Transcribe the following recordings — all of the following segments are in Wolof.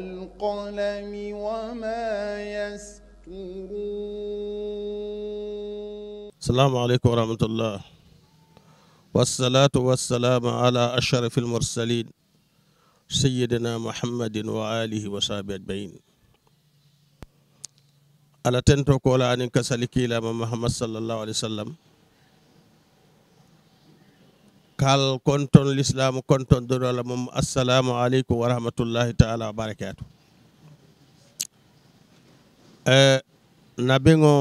والقلم وما يسطرون السلام عليكم ورحمة الله والصلاة والسلام على أشرف المرسلين سيدنا محمد وآله وصحبه أجمعين على تنتو كولا أن كسلكي لما محمد صلى الله عليه وسلم kal konton l'islamu konton doɗola mum assalamu aleykum wa taala wa barakatu e eh, nabiŋo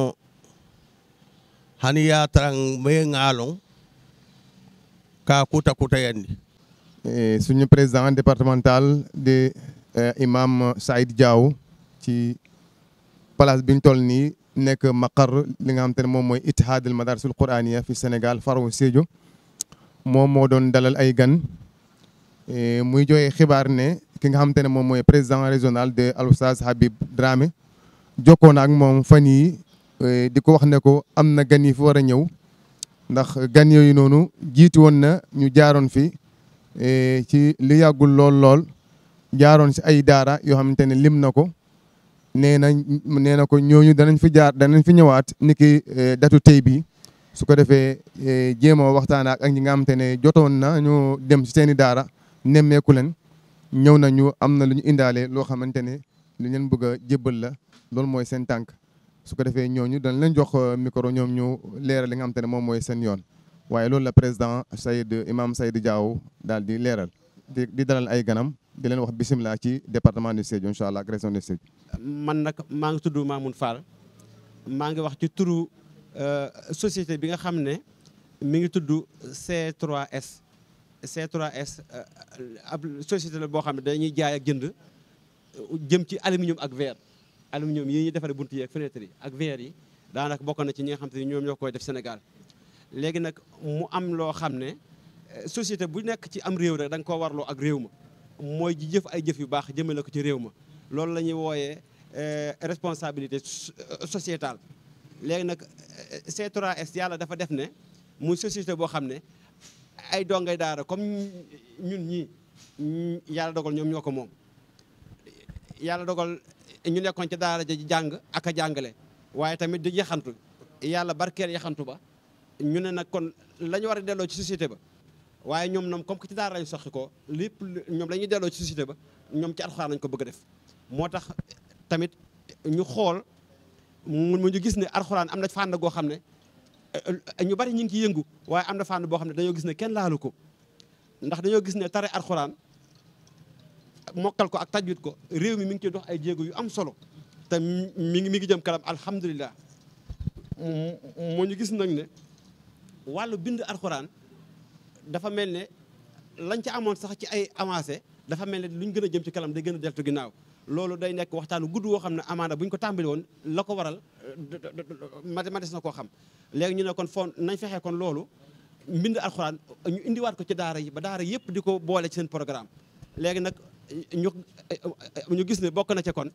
hani yataran me ŋaalon ka kuta kutayandi e eh, suñu président départemental de eh, imam Saïd Diaw ci place biñ toll nii nekk maqar li nga xam te ne moom mooy ittihaadul madarisul quraniya fi Sénégal faru Sédhiou moom moo doon dalal ay gan e, muy joxe xibaar ne ki nga xamante ne moom mooy président régional de Al Oustaz Habib Dramé jokkoo na ak moom fan yii e, di ko wax ne ko am na gan yi fi war a ñëw ndax gan yooyu noonu jiitu woon na ñu jaaroon fi e, ci li yàggul lool lool jaaroon si ay daara yoo xamante ne lim na ko nee na nee na ko ñooñu danañ fi jaar danañ fi ñëwaat niki datu tey bi su ko defee eh, jéem a waxtaan ak ñi nga xamante ne jotoon na ñu dem si seen i daara nemmeeku leen ñëw nañu am na lu ñu indaale loo xamante ne lu leen bëgg a jébbal la loolu mooy seen tànk su ko defee ñooñu dañ leen jox eh, micro ñoom ñu leeral li nga xamante ne moom mooy seen yoon waaye loolu la président Seydou Imam Seydou Diaw daal di leeral di dalal ay ganam di leen wax bisimilah ci département de Sédhiou incha allah région de Sédhiou. man nag maa ngi tudd maa ngi wax Euh, société bi nga xam ne mi ngi tudd c trois s C3S euh, ab société la boo xam ne dañuy jaay ak jënd jëm ci aluminium ak verre aluminium yi ñuy defaree bunt yi ak fenêtre yi ak verre yi daanaka bokk na ci ñi nga xam te ne ñoom ñoo koy def Sénégal léegi nag mu am loo xam ne euh, société bu nekk ci am réew rek da nga koo warloo ak réew ma mooy ji jëf ay jëf yu baax jëmale ko ci réew ma loolu la ñuy wooyee responsabilité societal léegi nag euh, c 3 yàlla dafa def ne muy société boo xam ne ay dongay daara comme ñun ñi yàlla dogal ñoom ñoo ko moom yàlla dogal ñu nekkoon ca daara ja jàng ak a jàngale waaye tamit di yaxantu yàlla barkeel yaxantu ba ñu ne nag kon la ñu war a delloo ci société ba waaye ñoom ñoom comme que ci daara lañ soxi ko lépp ñoom lañuy delloo ci société ba ñoom ci alxuraan lañ ko bëgg a def moo tax tamit ñu xool mu ñu gis ne arxuraan am na fànn goo xam ne eh, ñu bari ñu ngi ciy yëngu waaye am na fànn boo xam ne dañoo gis ne kenn laalu ko ndax dañoo gis ne tare alxuraan mokkal ko ak tajwid ko réew mi mi ngi ciy dox ay jéego yu am solo te mi ngi mi ngi jëm kanam alhamdulilah moo ñu gis nag ne wàllu bind arxuraan dafa mel ne lañ ci amoon sax ci ay avancé dafa mel ne luñ gën a jëm ci kalam day gën a deltu ginnaaw loolu day nekk waxtaanu gudd woo xam ne amaana bu ñu ko tàmbali woon la ko waral euh, mades na koo xam léegi ñu ne kon foon nañ fexee kon loolu mbind alxuraan ñu indiwaat ko ci daara yi ba daara yëpp di ko boole ci seen programme léegi nag ñu euh, ñu gis ne bokk na ca kon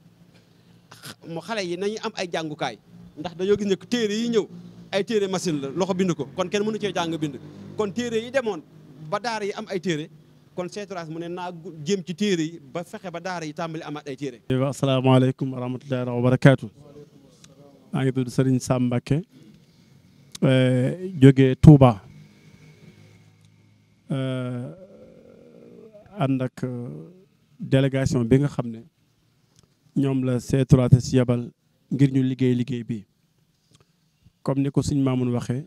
xale yi nañu am ay jàngukaay ndax dañoo gis ne téere yi ñëw ay téere machine la loxo bind ko kon kenn mënu cee jàng bind kon téere yi demoon ba daara yi am ay téere kon seeturaas mu ne naa jéem ci téere yi ba fexe ba daara yi tàmbali amaat ay téere asalaamaaleykum wa rahmatullahi wa barakaatu maa ngi tudd Serigne Sam Mbacké eh, jógee Touba eh, ak eh, délégation bi nga xam ne ñoom la c 3 si yabal ngir ñu liggéey liggéey bi comme ni ko suñ maamun waxee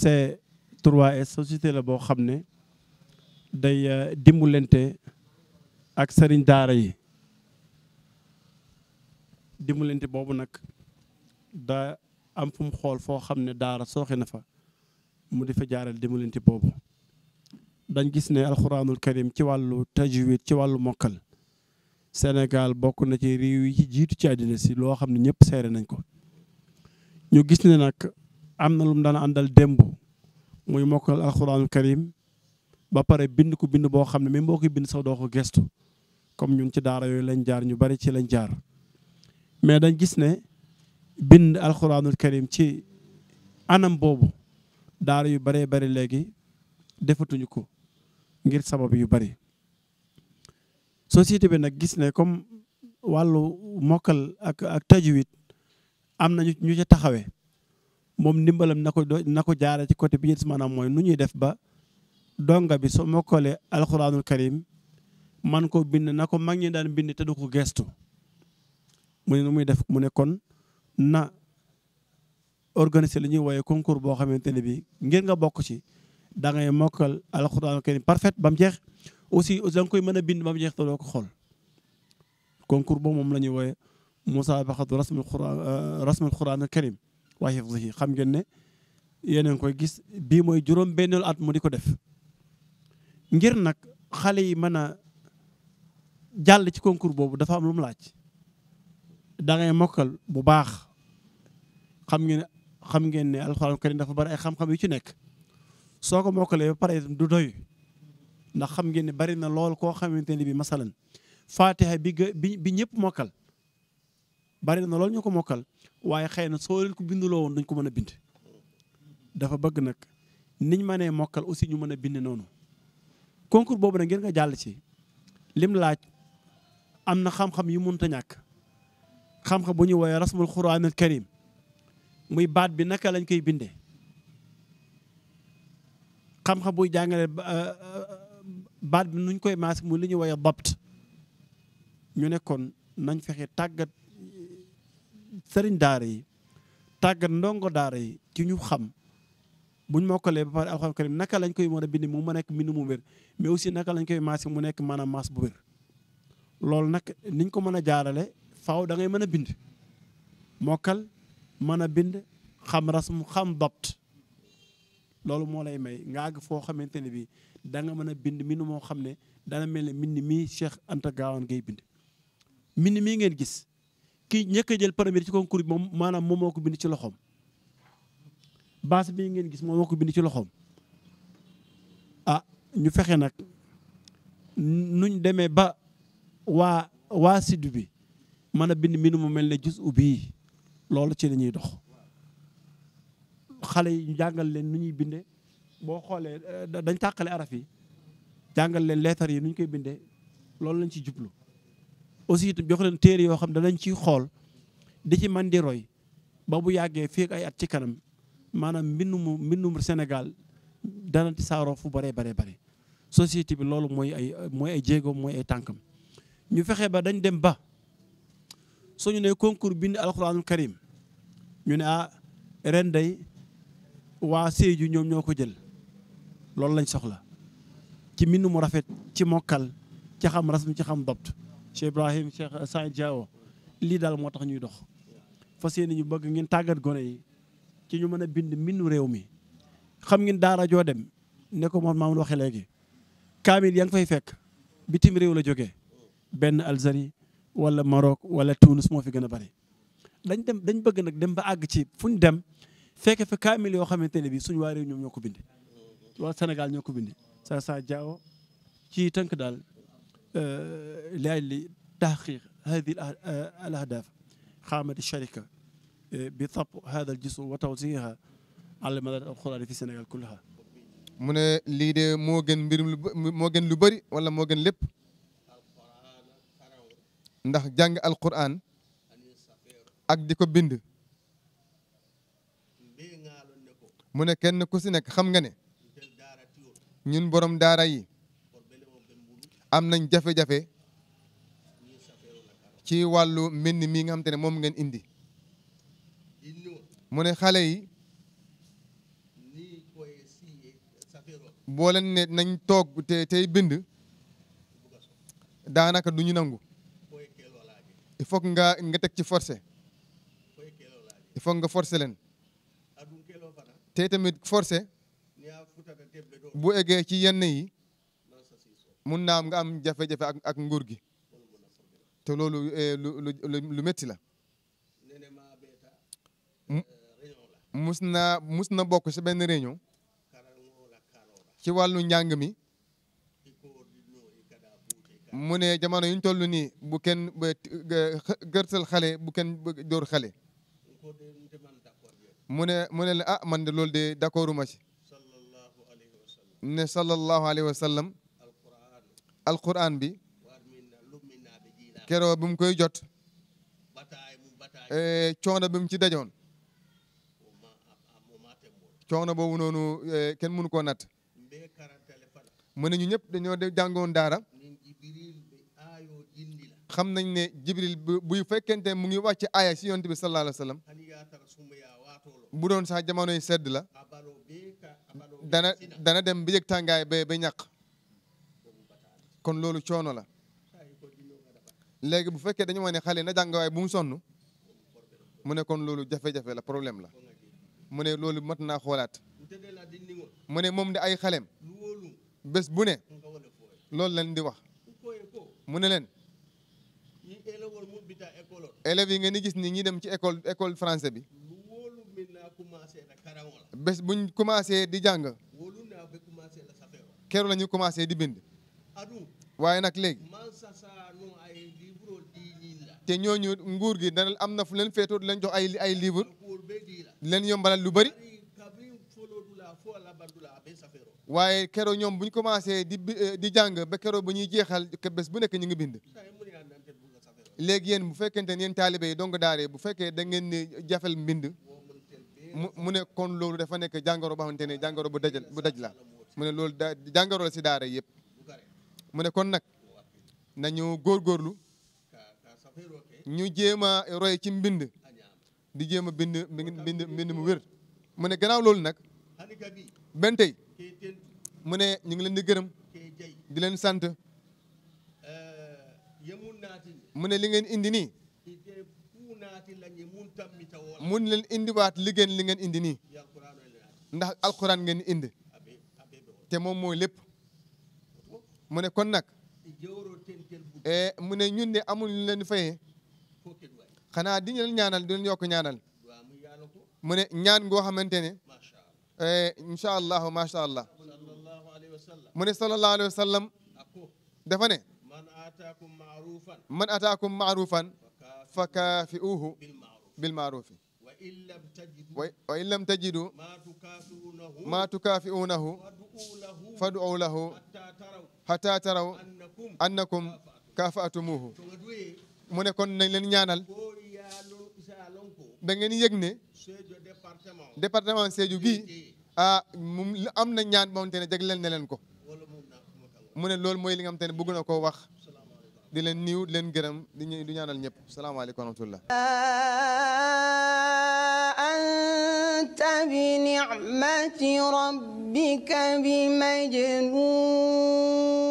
C3S société la boo xam ne day euh, dimbalante ak sëriñ daara yi dimbalante boobu nag da am fu mu xool foo xam ne daara sooxe na fa mu di fa jaaral dimbalante boobu dañ gis ne alxuraanul karim ci wàllu tajwid ci wàllu mokkal Sénégal bokk na ci réew yi ci jiitu ci àddina si loo xam ne ñëpp seere nañ ko ñu gis ne nag am na lu mu daan àndal démb muy mokkal alxuraanul karim ba pare bind ko bind boo xam ne même boo koy bind sax doo ko gestu comme ñun ci daara yooyu lañ jaar ñu bari ci lañ jaar mais dañ gis ne bind alxuraanul karim ci anam boobu daara yu baree bari léegi defatuñu ko ngir sabab yu bari société bi nag gis ne comme wàllu mokkal ak ak tajwid am na ñu ca taxawee moom ndimbalam na ko na ko jaare ci côté bi ñu maanaam mooy nu ñuy def ba donga bi su mokkolee alxuraanul karim man ko bind na ko mag ñi daan bind te du ko gestu mu ne nu muy def mu ne kon na organiser li ñuy wooye concours boo xamante ne bi ngir nga bokk ci da ngay mokkal alxuraanul karim parfait ba mu jeex aussi da nga koy mën a bind ba mu jeex te doo ko xool concours boo moom la ñuy wooye musabaqatu rasmil quraan euh, rasmil quraanul karim wa hifzihi xam ngeen ne yeneen a koy gis bii mooy juróom benneelu at mu di ko def ngir nag xale yi mën a jàll ci concours boobu dafa am lu mu laaj da mokkal bu baax xam ngeen ne xam ngeen ni alxuraan karim dafa bari ay xam-xam yu ci nekk soo ko mokkalee ba pare du doy ndax xam ngeen ne bari na lool koo xamante ne bi masalan faatiha bi bi bi ñëpp mokkal bari na lool ñu ko mokkal waaye xëy na soo leen ko binduloo woon duñ ko mën a bind dafa bëgg nag niñ mënee mokkal aussi ñu mën a bind noonu concours boobu na ngeen nga jàll ci lim laaj am na xam-xam yu mënut a ñàkk xam-xam bu ñuy woowee rasmul xuraanil karim muy baat bi naka lañ koy bindee xam-xam buy jàngale euh, euh, baat bi nuñ koy maas mu li ñu woowee dabt ñu nekkoon nañ fexe tàggat sëriñ daara yi tàggat ndongo daara yi ci ñu xam buñ mokkalee ba pare alxuraan karim naka lañ koy mën a bind mu ma nekk mbind mu wér mais aussi naka lañ koy maase mu nekk maanaam maas bu wér loolu nag niñ ko mën a jaarale faw dangay ngay mën a bind mokkal mën a bind xam xam dabt loolu moo lay may nga foo xamante ne bii da mën a bind mbind moo xam ne dana mel ne mbind mii Cheikh Anta Gaawaan ngay bind mbind mii ngeen gis kii ñëkk a jël premier ci concours bi moom maanaam moom moo ko bind ci loxoom baas bi ngeen gis moom moo ko bind ci loxoom ah ñu fexe nag nuñ demee ba waa waa siddu bi mën a bind mbindu mu mel ne gis ubbi loolu ci la ñuy dox xale yi jàngal leen nu ñuy binde boo xoolee eh, dañ tàqale araf yi jàngal leen leetar yi nuñ koy bindee loolu lañ ci jublu aussi itam jox leen téere yoo xam ne danañ ciy xool di ci man di roy ba bu yàggee fii ay at ci kanam maanaam mbind mbindum mbindum senegal dana saaroo fu baree baree bare société bi loolu mooy ay mooy ay jéegoom mooy ay tànkam ñu fexe ba dañ dem ba suñu ne concours bind alxuraanul karim ñu ne ah ren day waa Sédhiou ñoom ñoo ko jël loolu lañ soxla ci mbind mu rafet ci mokkal ci xam rasm ci xam dopt Cheikh Ibrahim Cheikh Saïd Diao lii daal moo tax ñuy dox fas yéene ñu bëgg ngeen tàggat gone yi ci ñu mën a bind mbindu réew mi xam ngeen daara joo dem ne ko moom maamun waxee léegi kaamil yaa ngi fay fekk bitim réew la jógee benn Algérie wala Maroc wala Tunis moo fi gën a bari dañ dem dañ bëgg nag dem ba àgg ci fu ñu dem fekk fa kaamil yoo xamante ne bi suñu waa réew ñoom ñoo ko bind wala senegal ñoo ko bind sa sa jaawo ci tënk daal euh, li li taxqiq hadi al euh, ahdaf sharika بطبع هذا الجسر وتوسيعها على مدار القرآن في السنغال كلها mu ne lii de moo gën mbir moo gën lu bari wala moo gën lépp ndax jàng alquran ak di ko bind mu ne kenn ku si nekk xam nga ne ñun borom daara yi am nañ jafe-jafe ci wàllu mbind mi nga xam te moom ngeen indi mu ne xale yi boo leen ne nañ toog tey bind daanaka du ñu nangu il faut nga nga teg ci forcé il faut nga forcé leen te tamit forcé bu eggee ci yenn yi mun naa am nga am jafe-jafe ak ak nguur gi te loolu eh, lu lu la mus na mus na bokk ci benn réunion ci wàllu njàng mi mu ne jamono yuñ toll nii bu kenn gërtal xale bu kenn dóor xale mu ne mu ne la ah man de loolu de d'accorduma ci ne sallallahu alayhi wa sallam alquran bi keroo bi mu koy jot eh, coono bi mu ci dajoon coono boobu noonu eh, kenn mënu koo natt mu ne ñu ñëpp dañoo de jàngoon daara xam nañ ne jibril buy fekkente mu ngi wàcc aaya si yonent bi sallallahu alayhi wa bu doon sax jamonoy sedd la dana dem bi yëg tàngaay ba ba kon loolu coono la léegi bu fekkee dañu wax ne xale na jàngawaay bu mu sonn mu ne kon loolu jafe-jafe la problème la mu ne loolu mat naa xoolaat mu ne moom de ay xalem bés bu ne loolu lañ di wax mu ne leen élèves yi ngeen di gis ni ñi dem ci école école français bi bés buñ commencé di jàng keroog la ñu commencé di bind waaye nag léegi te ñooñu nguur gi dana am na fu leen féetoo di leen jox ay ay livre leen yombalal lu bëri waaye keroo ñoom bu ñu commencé di eh, di jàng ba keroo bu ñuy jeexal ke bu nekk ñu ngi bind léegi yéen bu fekkente ne yéen taalibe yi dong daare bu fekkee da ngeen ni jafel mbind mu mu ne kon loolu dafa nekk jàngoro boo xamante ne jàngoro bu daj bu daj la mu ne loolu da jàngoro la si daara yëpp mu ne kon nag góor góorgóorlu ñu jéem a roy ci mbind di jéem a bind bind bind mu wér mu ne gannaaw loolu nag benn tey mu ne ñu ngi leen di gërëm di leen sant mu ne li ngeen indi nii mun leen indiwaat liggéey li ngeen indi nii ndax alxuraan ngeen indi te moom mooy lépp mu ne kon nag eh, mu ne ñun de amul ñu leen di fayee xanaa di leen ñaanal di leen yokk ñaanal mu ne ñaan ngoo xamante ne eh, incha allahu macha allah mu ne sallallahu alayhi wa sallam dafa ne man ataakum maarufan fa kaafiuhu bil maarufi wa in lam tajidu maa tukaafiuunahu faduu lahu hatta taraw annakum kafaatumuuhu mu ne kon nañ leen ñaanal da ngeen yëg ne département Sédhiou bii ah moom am na ñaan moom te ne jagleel ne leen ko mu ne loolu mooy li nga xam te ne bëgg na koo wax di leen niiw len leen gërëm di ñu di ñaanal ñëpp salaamaaleykum wa rahmatullah anta bi ni'mati rabbika bi majnun